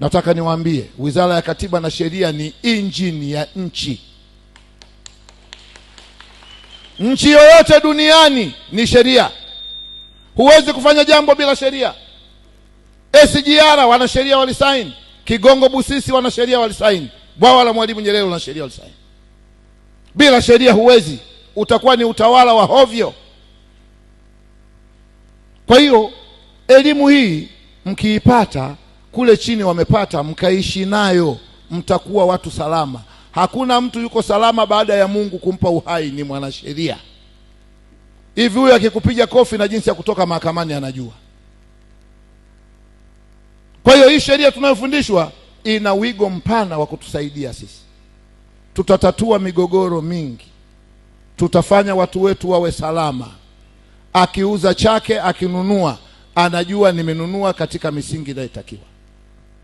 Nataka niwaambie Wizara ya Katiba na Sheria ni injini ya nchi. Nchi yoyote duniani ni sheria, huwezi kufanya jambo bila sheria. SGR sheria walisaini, Kigongo Busisi wanasheria walisaini, bwawa la Mwalimu Nyerere wana sheria walisaini. Bila sheria huwezi, utakuwa ni utawala wa hovyo. Kwa hiyo elimu hii mkiipata kule chini wamepata, mkaishi nayo, mtakuwa watu salama. Hakuna mtu yuko salama baada ya Mungu kumpa uhai, ni mwanasheria. Hivi huyu akikupiga kofi na jinsi ya kutoka mahakamani anajua. Kwa hiyo hii sheria tunayofundishwa ina wigo mpana wa kutusaidia sisi, tutatatua migogoro mingi, tutafanya watu wetu wawe salama. Akiuza chake, akinunua, anajua nimenunua katika misingi inayotakiwa.